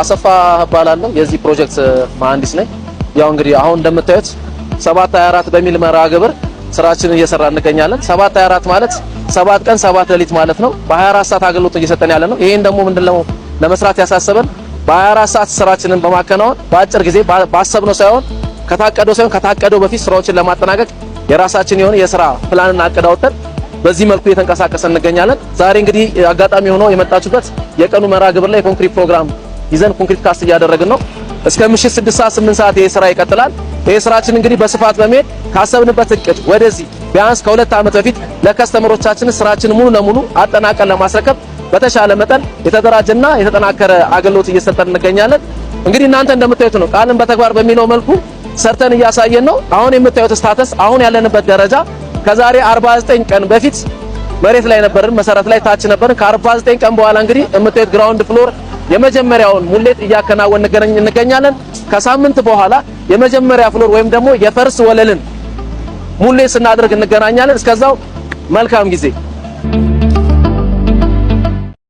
አሰፋ እባላለሁ። የዚህ ፕሮጀክት መሀንዲስ ነኝ። ያው እንግዲህ አሁን እንደምታዩት 724 በሚል መርሃ ግብር ስራችንን እየሰራ እንገኛለን። 724 ማለት 7 ቀን 7 ሌሊት ማለት ነው። በ24 ሰዓት አገልግሎት እየሰጠን ያለ ነው። ይሄን ደግሞ ምንድነው ለመስራት ያሳሰበን በ24 ሰዓት ስራችንን በማከናወን በአጭር ጊዜ ባሰብነው ሳይሆን ከታቀደው ሳይሆን ከታቀደው በፊት ስራዎችን ለማጠናቀቅ የራሳችን የሆነ የስራ ፕላንና አቅድ አውጥተን በዚህ መልኩ እየተንቀሳቀሰ እንገኛለን። ዛሬ እንግዲህ አጋጣሚ ሆኖ የመጣችሁበት የቀኑ መርሃ ግብር ላይ የኮንክሪት ፕሮግራም ይዘን ኮንክሪት ካስት እያደረግን ነው። እስከ ምሽት 6 ሰዓት 8 ሰዓት ይሄ ስራ ይቀጥላል። ይሄ ስራችን እንግዲህ በስፋት በመሄድ ካሰብንበት እቅድ ወደዚህ ቢያንስ ከሁለት ዓመት በፊት ለከስተመሮቻችን ስራችን ሙሉ ለሙሉ አጠናቀን ለማስረከብ በተሻለ መጠን የተደራጀና የተጠናከረ አገልግሎት እየሰጠን እንገኛለን። እንግዲህ እናንተ እንደምታዩት ነው ቃልን በተግባር በሚለው መልኩ ሰርተን እያሳየን ነው። አሁን የምታዩት ስታተስ አሁን ያለንበት ደረጃ ከዛሬ 49 ቀን በፊት መሬት ላይ ነበርን፣ መሰረት ላይ ታች ነበርን። ከ49 ቀን በኋላ እንግዲህ የምታዩት ግራውንድ ፍሎር የመጀመሪያውን ሙሌት እያከናወን እንገኛለን። ከሳምንት በኋላ የመጀመሪያ ፍሎር ወይም ደግሞ የፈርስ ወለልን ሙሌት ስናደርግ እንገናኛለን። እስከዛው መልካም ጊዜ